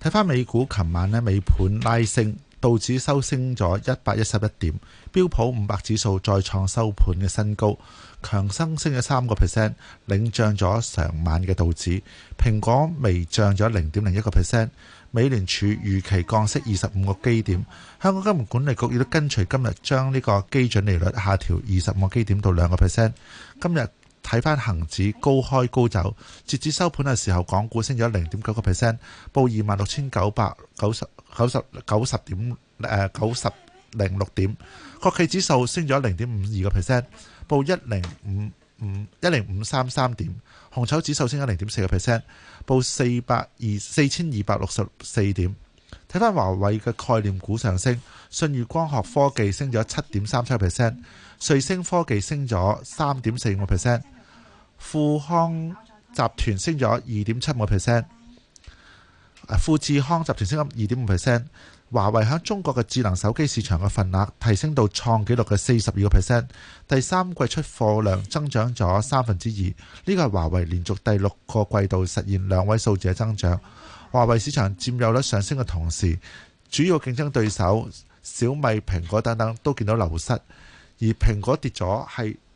睇翻美股，琴晚呢美盤拉升，道指收升咗一百一十一點，標普五百指數再創收盤嘅新高，強生升咗三個 percent，領漲咗成晚嘅道指，蘋果微漲咗零點零一個 percent，美聯儲預期降息二十五個基點，香港金融管理局亦都跟隨今日將呢個基準利率下調二十五個基點到兩個 percent，今日。睇翻恒指高開高走，截至收盤嘅時候，港股升咗零點九個 percent，報二萬六千九百九十九十九十點，誒九十零六點。國企指數升咗零點五二個 percent，報一零五五一零五三三點。紅籌指數升咗零點四個 percent，報四百二四千二百六十四點。睇翻華為嘅概念股上升，舜宇光學科技升咗七點三七個 percent，瑞星科技升咗三點四五個 percent。富康集團升咗二點七五個 percent，富智康集團升咗二點五 percent。華為喺中國嘅智能手機市場嘅份額提升到創紀錄嘅四十二個 percent，第三季出貨量增長咗三分之二，呢個係華為連續第六個季度實現兩位數字嘅增長。華為市場占有率上升嘅同時，主要競爭對手小米、蘋果等等都見到流失，而蘋果跌咗係。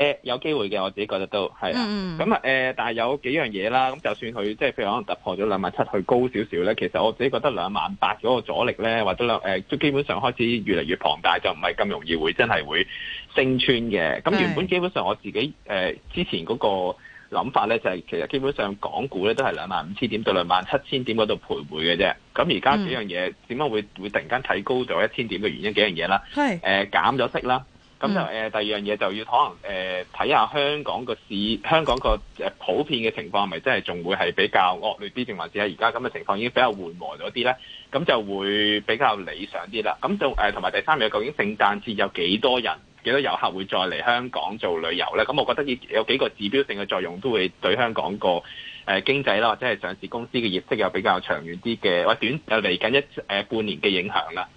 誒有機會嘅，我自己覺得都係啊。咁啊、嗯嗯嗯、但係有幾樣嘢啦。咁就算佢即係譬如可能突破咗兩萬七，佢高少少咧，其實我自己覺得兩萬八嗰個阻力咧，或者兩都、呃、基本上開始越嚟越龐大，就唔係咁容易會真係會升穿嘅。咁原本基本上我自己誒是、呃、之前嗰個諗法咧，就係、是、其實基本上港股咧都係兩萬五千點到兩萬七千點嗰度徘徊嘅啫。咁而家幾樣嘢點解會會突然間睇高咗一千點嘅原因幾樣嘢啦？係減咗息啦。咁就誒、呃、第二樣嘢就要可能誒睇下香港個市，香港個、呃、普遍嘅情況係咪真係仲會係比較惡劣啲，定還是喺而家咁嘅情況已經比較緩和咗啲咧？咁就會比較理想啲啦。咁就誒同埋第三樣究竟聖誕節有幾多人、幾多遊客會再嚟香港做旅遊咧？咁我覺得有幾個指標性嘅作用都會對香港個誒、呃、經濟啦，或者係上市公司嘅業績又比較長遠啲嘅，或者短又嚟緊一、呃、半年嘅影響啦。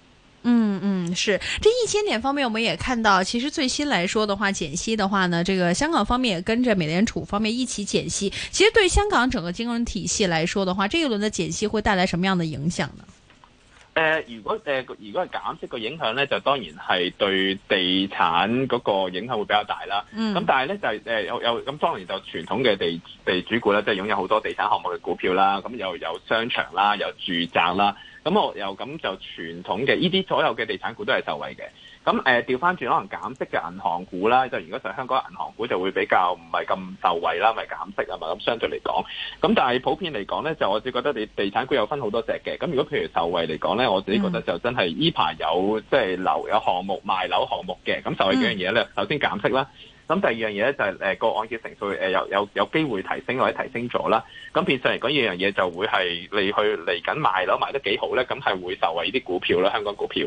嗯嗯，是，這一千點方面，我們也看到，其實最新來說的話，減息的話呢，這個香港方面也跟着美聯儲方面一起減息。其實對香港整個金融體系來說的話，這一輪的減息會帶來什麼樣的影響呢？呃、如果、呃、如果係減息個影響呢就當然係對地產嗰個影響會比較大啦。咁、嗯、但係呢就係有有咁當然就傳統嘅地地主股呢，即係擁有好多地產項目嘅股票啦。咁又有，有商場啦，有住宅啦。咁我又咁就傳統嘅呢啲所有嘅地產股都係受惠嘅。咁誒調翻轉可能減息嘅銀行股啦，就如果上香港銀行股就會比較唔係咁受惠啦，咪減息啊嘛。咁相對嚟講，咁但係普遍嚟講咧，就我只覺得地地產股有分好多隻嘅。咁如果譬如受惠嚟講咧，我自己覺得就真係呢排有即係、就是、樓有項目賣樓項目嘅，咁受惠幾樣嘢咧，嗯、首先減息啦。咁第二樣嘢咧，就係誒個按揭程序誒有有有機會提升或者提升咗啦。咁變相嚟講呢樣嘢就會係你去嚟緊賣樓賣得幾好咧，咁係會受惠啲股票啦，香港股票。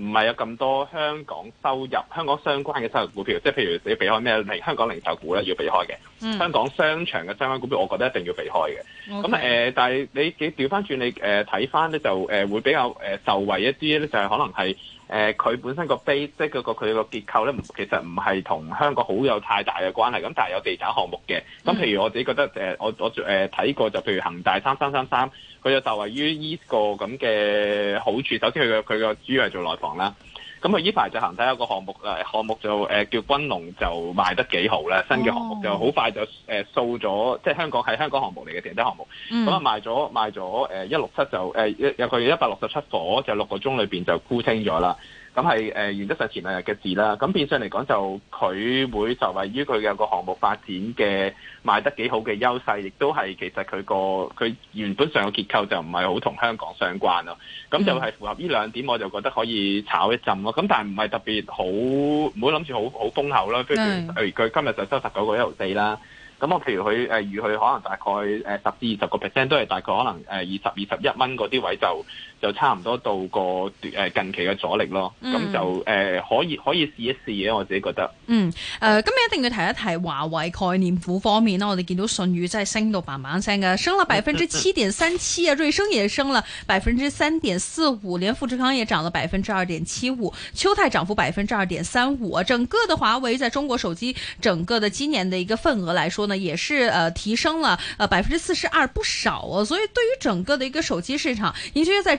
唔係有咁多香港收入，香港相關嘅收入股票，即係譬如你要避開咩？香港零售股咧要避開嘅，嗯、香港商場嘅相關股票，我覺得一定要避開嘅。咁 Okay.、呃、但係你你調翻轉你睇翻咧，就誒、呃、會比較受惠一啲咧，就係、是、可能係誒佢本身個 base，即係嗰個佢個結構咧，其實唔係同香港好有太大嘅關係。咁但係有地產項目嘅，咁譬如我自己覺得、呃、我我睇、呃、過就譬如恒大三三三三，佢就受惠於呢個咁嘅好處。首先佢嘅佢主要係做內房。啦，咁佢呢排就行睇下個項目啦，項目就誒叫君龍就賣得幾好啦，新嘅項目就好快就誒掃咗，即、就、係、是、香港係香港項目嚟嘅，其他項目，咁啊、嗯、賣咗賣咗誒一六七就誒有佢一百六十七伙就六個鐘裏邊就沽清咗啦。咁係誒原則上前兩日嘅字啦，咁變相嚟講就佢會就位於佢有個項目發展嘅賣得幾好嘅優勢，亦都係其實佢個佢原本上嘅結構就唔係好同香港相關咯。咁就係符合呢兩點，我就覺得可以炒一陣咯。咁但係唔係特別好，唔好諗住好好豐厚啦。譬如佢、mm. 今日就收十九個一毫四啦。咁我譬如佢誒預佢可能大概誒十至二十個 percent 都係大概可能誒二十二十一蚊嗰啲位就。就差唔多到個誒近期嘅阻力咯，咁就誒、嗯呃、可以可以試一試啊！我自己覺得。嗯，誒、呃、今日一定要提一提華為概念股方面啦，我哋見到舜宇真係升到棒棒聲㗎，升了百分之七點三七啊， 瑞聲也升了百分之三點四五，連富士康也漲了百分之二點七五，丘鈦漲幅百分之二點三五，整個的華為在中國手機整個的今年嘅一個份額來說呢，也是誒提升了誒百分之四十二不少啊，所以對於整個嘅一個手機市場，尤其是在。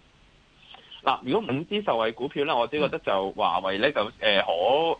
嗱，如果五支受惠股票咧，我自己覺得就華為咧就誒、呃、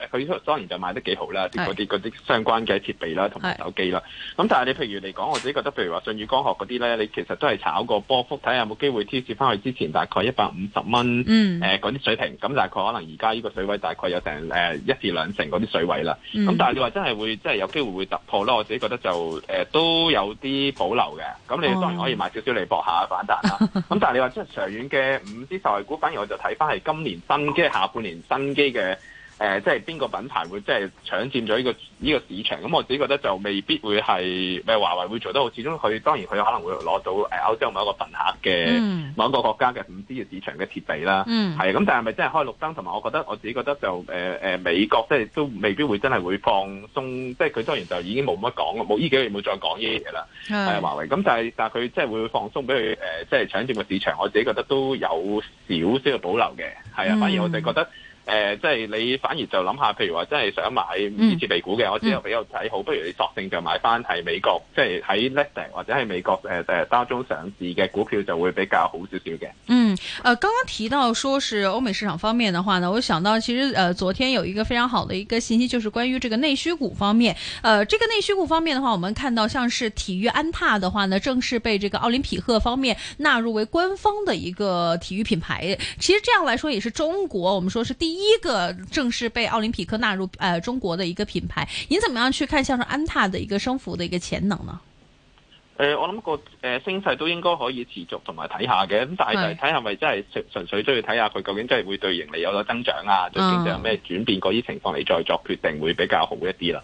可，佢當然就買得幾好啦，啲嗰啲嗰啲相關嘅設備啦，同埋手機啦。咁是、嗯、但係你譬如嚟講，我自己覺得譬如話舜宇光學嗰啲咧，你其實都係炒個波幅，睇下有冇機會跳蝕翻去之前大概一百五十蚊誒嗰啲水平，咁、嗯、大概可能而家呢個水位大概有成誒、呃、一至兩成嗰啲水位啦。咁、嗯嗯、但係你話真係會真係有機會會突破啦，我自己覺得就誒、呃、都有啲保留嘅。咁你當然可以買少少嚟搏下反彈啦。咁、嗯嗯、但係你話即係長遠嘅五支受惠反而我就睇翻係今年新機、下半年新機嘅。誒、呃，即係邊個品牌會即係搶佔咗呢、這個呢、這個市場？咁我自己覺得就未必會係，咪華為會做得好。始終佢當然佢可能會攞到誒歐洲某一個份額嘅、嗯、某一個國家嘅五 G 嘅市場嘅設備啦。係咁、嗯，但係咪真係開綠燈？同埋我覺得我自己覺得就誒誒、呃、美國即、就、係、是、都未必會真係會放鬆，即係佢當然就已經冇乜講啦，冇呢幾個月冇再講呢啲嘢啦。係是華為咁，但係但係佢即係會放鬆俾佢誒，即、呃、係、就是、搶佔個市場。我自己覺得都有少少嘅保留嘅，係啊，反而我哋覺得。呃，即係你反而就諗下，譬如話，真係想買啲次美股嘅，嗯、我只有比較睇好，嗯、不如你索性就買翻係美國，即係喺 Listing 或者係美國呃當中上市嘅股票，就會比較好少少嘅。嗯，呃剛剛提到說是歐美市場方面嘅話呢，我想到其實呃昨天有一個非常好的一個信息，就是關於這個內需股方面。呃這個內需股方面嘅話，我們看到像是體育安踏嘅話呢，正式被這個奧林匹克方面納入為官方嘅一個體育品牌。其實這樣來說也是中國，我們說是第一個正式被奧林匹克納入，誒、呃、中國的一個品牌，你怎麼樣去看，像是安踏的一個升幅的一個潛能呢？誒、呃，我諗個誒升勢都應該可以持續，同埋睇下嘅，咁但係睇下係咪真係純純粹都要睇下佢究竟真係會對盈利有咗增長啊，對經濟有咩轉變嗰啲情況嚟，再作決定會比較好一啲啦。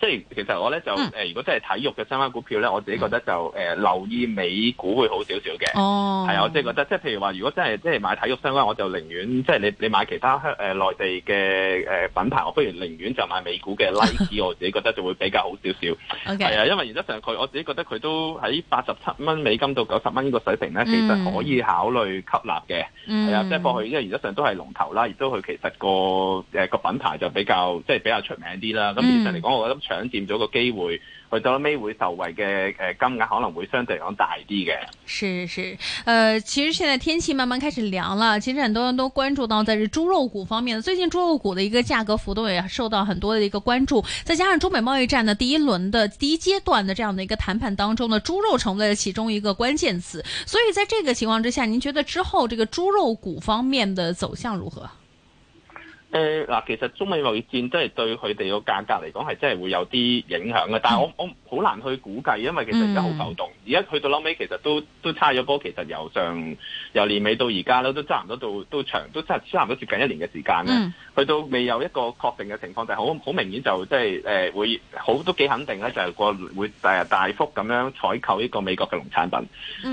即係其實我咧就、嗯、如果真係體育嘅相關股票咧，我自己覺得就誒、呃、留意美股會好少少嘅。哦，係啊，我即係覺得，即係譬如話，如果真係即係買體育相關，我就寧願即係你你買其他香內、呃、內地嘅誒、呃、品牌，我不如寧願就買美股嘅 Nike，我自己覺得就會比較好少少。係 Okay. 啊，因為原則上佢我自己覺得佢都喺八十七蚊美金到九十蚊呢個水平咧，嗯、其實可以考慮吸納嘅。係、嗯、啊，即係過去，因為原則上都係龍頭啦，亦都佢其實個誒個、呃、品牌就比較即係比較出名啲啦。咁其、嗯、實嚟講，我覺得。搶佔咗個機會，去到尾會受惠嘅金額可能會相對嚟講大啲嘅。是是，呃，其實現在天氣慢慢開始涼了，其實很多人都關注到，在豬肉股方面，最近豬肉股的一個價格幅度也受到很多嘅一個關注。再加上中美貿易戰的第一輪的第一階段的這樣的一個談判當中，呢豬肉成為了其中一個關鍵詞。所以，在這個情況之下，您覺得之後這個豬肉股方面的走向如何？誒嗱、呃，其實中美貿易戰真係對佢哋個價格嚟講係真係會有啲影響嘅，但係我、嗯、我好難去估計，因為其實真係好浮動。而家、嗯、去到撈尾，其實都都差咗波。其實由上由年尾到而家咧，都差唔多到都長都差差唔多接近一年嘅時間咧，嗯、去到未有一個確定嘅情況，但係好好明顯就即係誒會好都幾肯定咧，就係、是、個會誒大，大幅咁樣採購呢個美國嘅農產品。咁、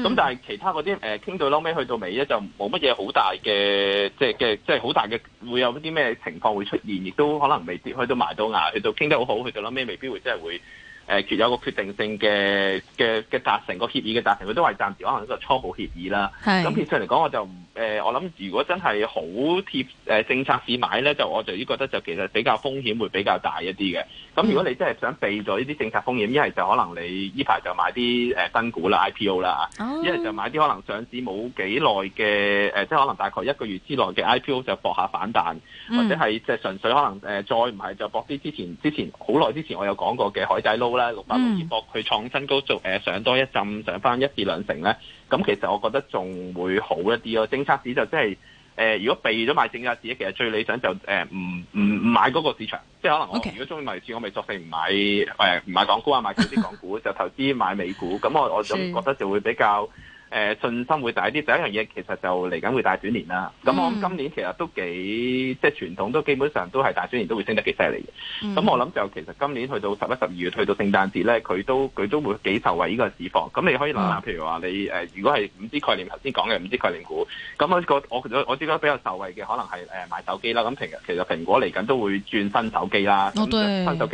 嗯、但係其他嗰啲誒傾到撈尾去到尾咧，就冇乜嘢好大嘅即係嘅即係好大嘅。會有啲咩情況會出現，亦都可能未跌去到埋到牙。佢就傾得好好，佢就諗咩未必會真係會。誒、呃、有個決定性嘅嘅嘅達成個協議嘅達成，佢都係暫時可能一個初步協議啦。咁其實嚟講，我就誒、呃、我諗，如果真係好貼、呃、政策市買咧，就我就依覺得就其實比較風險會比較大一啲嘅。咁如果你真係想避咗呢啲政策風險，一係、嗯、就可能你呢排就買啲誒、呃、新股啦、IPO 啦，一係、啊、就買啲可能上市冇幾耐嘅即係可能大概一個月之內嘅 IPO 就博下反彈，嗯、或者係即係純粹可能、呃、再唔係就博啲之前之前好耐之前我有講過嘅海底撈。六百六二博佢創新高，做誒上多一陣，上翻一至兩成咧。咁、嗯、其實我覺得仲會好一啲咯、啊。政策市就即係誒，如果避咗買政策市，其實最理想就誒唔唔唔買嗰個市場，即係可能我 Okay. 如果中意賣市，我咪作廢唔買誒唔、哎、買港股啊，買其他港股，就投資買美股。咁、 嗯、我我就覺得就會比較。誒信心會大啲，第一樣嘢其實就嚟緊會大轉年啦。咁、嗯、我諗今年其實都幾即係傳統，都基本上都係大轉年都會升得幾犀利嘅。咁、嗯、我諗就其實今年去到十一、十二月，去到聖誕節咧，佢都佢都會幾受惠呢個市況。咁你可以諗下，譬、嗯、如話你誒、呃，如果係 5G 概念頭先講嘅 5G 概念股，咁我個我我我依家比較受惠嘅可能係誒、呃、賣手機啦。咁平其實蘋果嚟緊都會轉新手機啦，哦、對新手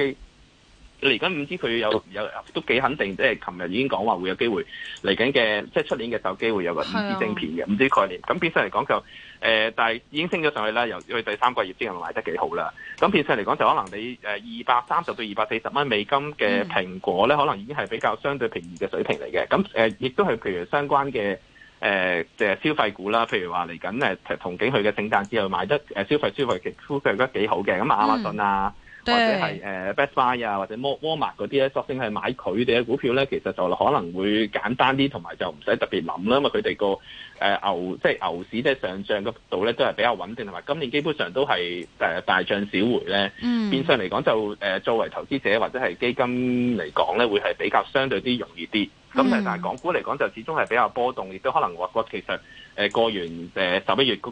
你嚟緊唔知佢有有，有都幾肯定，即係琴日已經講話會有機會嚟緊嘅，即係出年嘅手機會有個 5G 晶片嘅 5G 概念。咁變相嚟講，就，誒、呃、但係已經升咗上去啦。由佢第三個月之後賣得幾好啦。咁變相嚟講就可能你誒二百三十到二百四十蚊美金嘅蘋果咧，可能已經係比較相對便宜嘅水平嚟嘅。咁誒亦都係譬如相關嘅誒即係消費股啦，譬如話嚟緊誒同景去嘅聖誕之後賣得誒、呃、消費消費股佢覺得幾好嘅，咁啊亞馬遜啊。嗯對或者係誒 Best Buy 啊，或者摩摩麥嗰啲咧，索性係買佢哋嘅股票咧，其實就可能會簡單啲，同埋就唔使特別諗啦，因為佢哋個誒牛，即係牛市，即係上漲嘅幅度咧，都係比較穩定，同埋今年基本上都係誒大漲小回咧。嗯，變相嚟講就誒、呃、作為投資者或者係基金嚟講咧，會係比較相對啲容易啲。咁、嗯、但係港股嚟講就始終係比較波動，亦都可能話話其實誒過完誒十一月嗰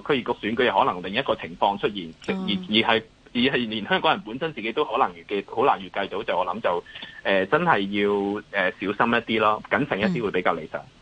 個區議局選舉，可能另一個情況出現，嗯、而而係。而係連香港人本身自己都可能預計，好難預計到，就我諗就誒、呃、真係要誒、呃、小心一啲咯，謹慎一啲會比較理想。嗯。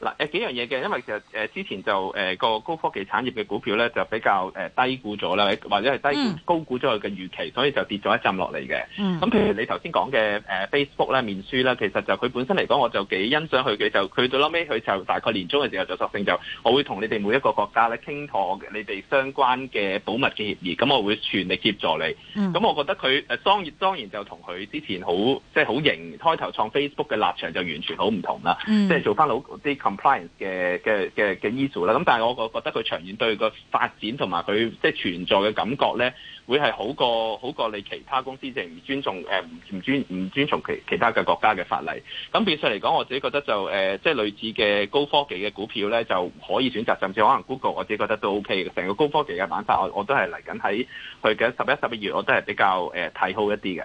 嗱誒幾樣嘢嘅，因為其實誒之前就誒個高科技產業嘅股票咧，就比較低估咗啦，或者係低、嗯、高估咗佢嘅預期，所以就跌咗一陣落嚟嘅。咁譬、嗯、如你頭先講嘅 Facebook 呢，面書啦，其實就佢本身嚟講，我就幾欣賞佢嘅，就佢到撈尾佢就大概年中嘅時候就索性就，我會同你哋每一個國家咧傾妥你哋相關嘅保密嘅協議，咁我會全力協助你。咁、嗯、我覺得佢誒當然當然就同佢之前好即係好型，開頭創 Facebook 嘅立場就完全好唔同啦，嗯、即係做翻老。compliance 嘅嘅嘅嘅 issue 啦，咁、e、但係我覺覺得佢長遠對個發展同埋佢即係存在嘅感覺咧，會係好過好過你其他公司淨係唔尊重誒唔唔尊唔尊重其其他嘅國家嘅法例。咁變相嚟講，我自己覺得就誒、呃、即係類似嘅高科技嘅股票咧，就可以選擇，甚至可能 Google 我自己覺得都 OK 嘅。成個高科技嘅板塊，我我都係嚟緊喺去緊十一十二月，我都係比較誒睇、呃、好一啲嘅。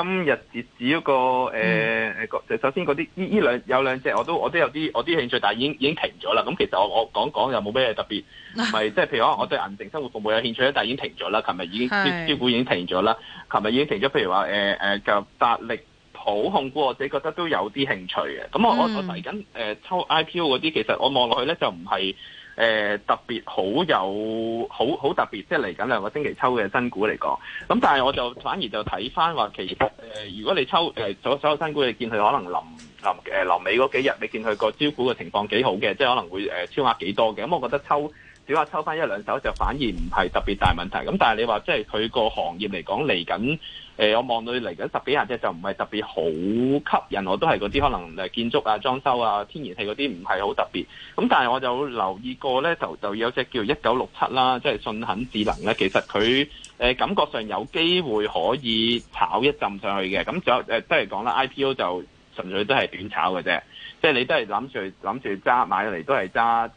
今日截止嗰個誒、呃嗯、首先嗰啲呢依兩有兩隻，我都我都有啲我啲興趣，但係已經已經停咗啦。咁其實我我講講又冇咩特別，咪即係譬如可能我對銀城生活服務有興趣咧，但係已經停咗啦。琴日已經招是股已經停咗啦，琴日已經停咗。譬如話誒誒，就、呃、大、呃、力好控股，我自己覺得都有啲興趣嘅。咁我、嗯、我嚟緊誒抽 IPO 嗰啲，其實我望落去咧就唔係。誒、呃、特別好有好好特別，即係嚟緊兩個星期抽嘅新股嚟講，咁、嗯、但係我就反而就睇翻話，其實、呃、如果你抽、呃、所有所有新股，你見佢可能臨臨誒臨尾嗰幾日，你見佢個招股嘅情況幾好嘅，即、就、係、是、可能會誒、呃、超額幾多嘅，咁、嗯、我覺得抽只係抽翻一兩手就反而唔係特別大問題，咁、嗯、但係你話即係佢個行業嚟講嚟緊。誒、呃，我望到嚟緊十幾廿隻就唔係特別好吸引，我都係嗰啲可能建築啊、裝修啊、天然氣嗰啲唔係好特別。咁但係我就留意過呢，就就有隻叫一九六七啦，即係信肯智能呢，其實佢、呃、感覺上有機會可以跑一陣上去嘅。咁就即係、呃、講啦，IPO 就。純粹都係短炒嘅啫，即係你都係諗住諗住揸買嚟，都係揸誒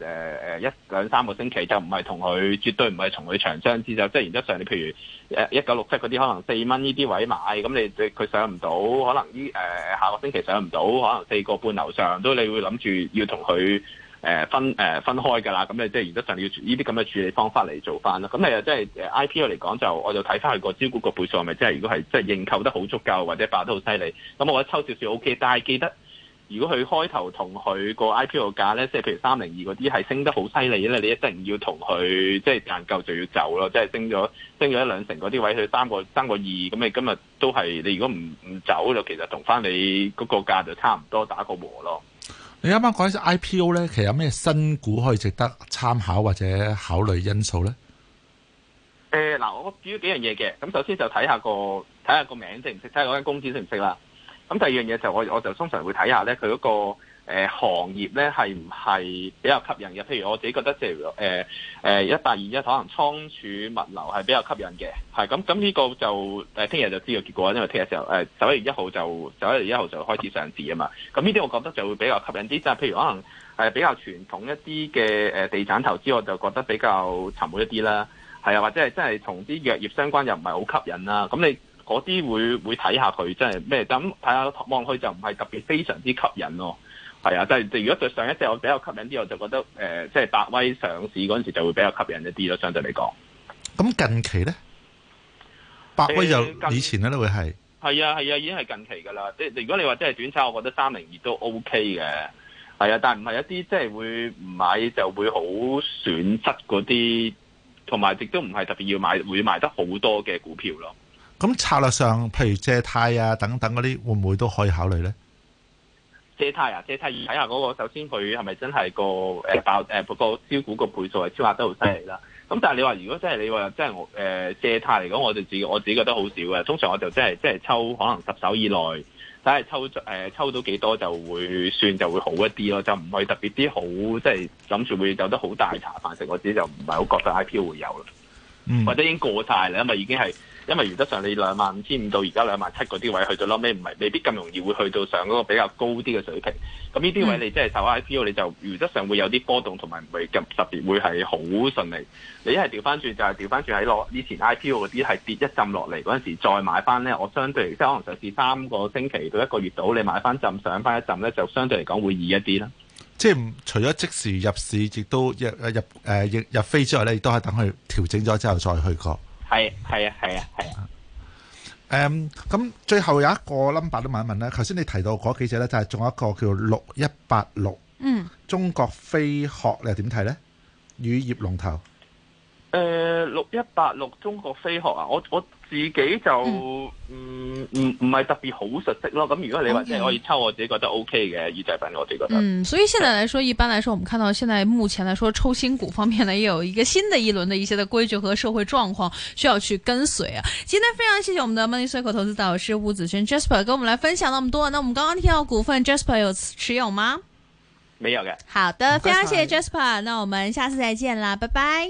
誒一兩三個星期，就唔係同佢，絕對唔係同佢長相廝守，就即係原則上，你譬如誒一九六七嗰啲，可能四蚊呢啲位買，咁你佢上唔到，可能依誒下個星期上唔到，可能四個半樓上，都你會諗住要同佢。誒、呃、分誒、呃、分開㗎啦，咁你即係而家就要呢啲咁嘅處理方法嚟做翻啦。咁你又即係 IPO 嚟講就就是是、就是，就我就睇翻佢個招股個倍數係咪即係如果係即係認購得好足夠，或者爆得好犀利，咁我覺得抽少少 OK。但係記得，如果佢開頭同佢個 IPO 價咧，即係譬如三零二嗰啲係升得好犀利咧，你一定要同佢即係賺夠就要走咯。即係升咗升咗一兩成嗰啲位，佢三個三個二，咁你今日都係你如果唔唔走就其實同翻你嗰個價就差唔多打個和咯。你啱啱講啲 IPO 咧，其實有咩新股可以值得參考或者考慮因素咧？誒，嗱，我主要有幾樣嘢嘅。咁首先就睇下個睇下個名識唔、就是、識，睇下嗰間公司識唔識啦。咁第二樣嘢就我我就通常會睇下咧，佢嗰個。誒、呃、行業咧係唔係比較吸引嘅？譬如我自己覺得，就是，譬如誒誒一八二一可能倉儲物流係比較吸引嘅，係咁，咁呢個就誒聽日就知道結果，因為聽、呃、日時候十一月一號就十一月一號就開始上市啊嘛。咁呢啲我覺得就會比較吸引啲。即係譬如可能係比較傳統一啲嘅誒地產投資，我就覺得比較沉悶一啲啦。係啊，或者係真係同啲藥業相關又唔係好吸引啦。咁你嗰啲會會睇下佢真係咩？咁睇下望佢就唔係特別非常之吸引咯。係啊，就係，如果對上一隻我比較吸引啲，我就覺得誒，即係百威上市嗰陣時就會比較吸引一啲咯，相對嚟講。咁近期呢，百威就以前咧、欸、會係是係啊係啊，已經係近期噶啦。即係如果你話即係短炒，我覺得三零二都 OK 嘅。係啊，但係唔係一啲即係會唔買就會好損失嗰啲，同埋亦都唔係特別要買會買得好多嘅股票咯。咁策略上，譬如借貸啊等等嗰啲，會唔會都可以考慮呢？借貸啊，借貸睇下嗰個，首先佢係咪真係個誒爆誒個招股個倍數係超額得好犀利啦。咁、嗯、但係你話如果真係你話即係我誒借貸嚟講，我就自己我自己覺得好少嘅。通常我就真係真係抽可能十手以內，睇下抽誒、呃、抽到幾多就會算就會好一啲咯。就唔係特別啲好，即係諗住會有得好大茶飯食。我自己就唔係好覺得 IPO 會有啦，嗯、或者已經過晒啦，因為已經係。因為原則上你兩萬五千五到而家兩萬七嗰啲位去到後尾，唔係未必咁容易會去到上嗰個比較高啲嘅水平。咁呢啲位你即係受 IPO，你就原則上會有啲波動，同埋唔係咁特別會係好順利。你一係調翻轉，就係調翻轉喺攞以前 IPO 嗰啲係跌一浸落嚟嗰陣時，再買翻咧，我相對即可能就係三個星期到一個月度，你買翻浸上翻一浸咧，就相對嚟講會易一啲啦。即係除咗即時入市，亦都入入誒入飛之外咧，亦都係等佢調整咗之後再去過。係，係啊，係啊，係啊。誒，咁最後有一個 number 都問一問咧。頭先你提到嗰幾隻咧，就係仲有一個叫六一八六。嗯。中國飛鶴，你又點睇咧？乳業龍頭。呃，六一八六中國飛鶴啊，我我自己就唔唔唔係特別好熟悉咯。咁、嗯、如果你話，即係可以抽，我自己覺得 O K 嘅預製品，嗯、我自己覺得。嗯，所以現在來說，對一般來說，我們看到現在目前來說，抽新股方面呢，也有一個新的一輪的一些的規矩和社會狀況需要去跟隨啊。今天非常謝謝我們的 Money Circle 投資導師吳子軒 Jasper，跟我們來分享咁多。那我們剛剛聽到股份 Jasper 有持有嗎？沒有嘅。好的，非常謝謝 Jasper 煩。那我們下次再見啦，拜拜。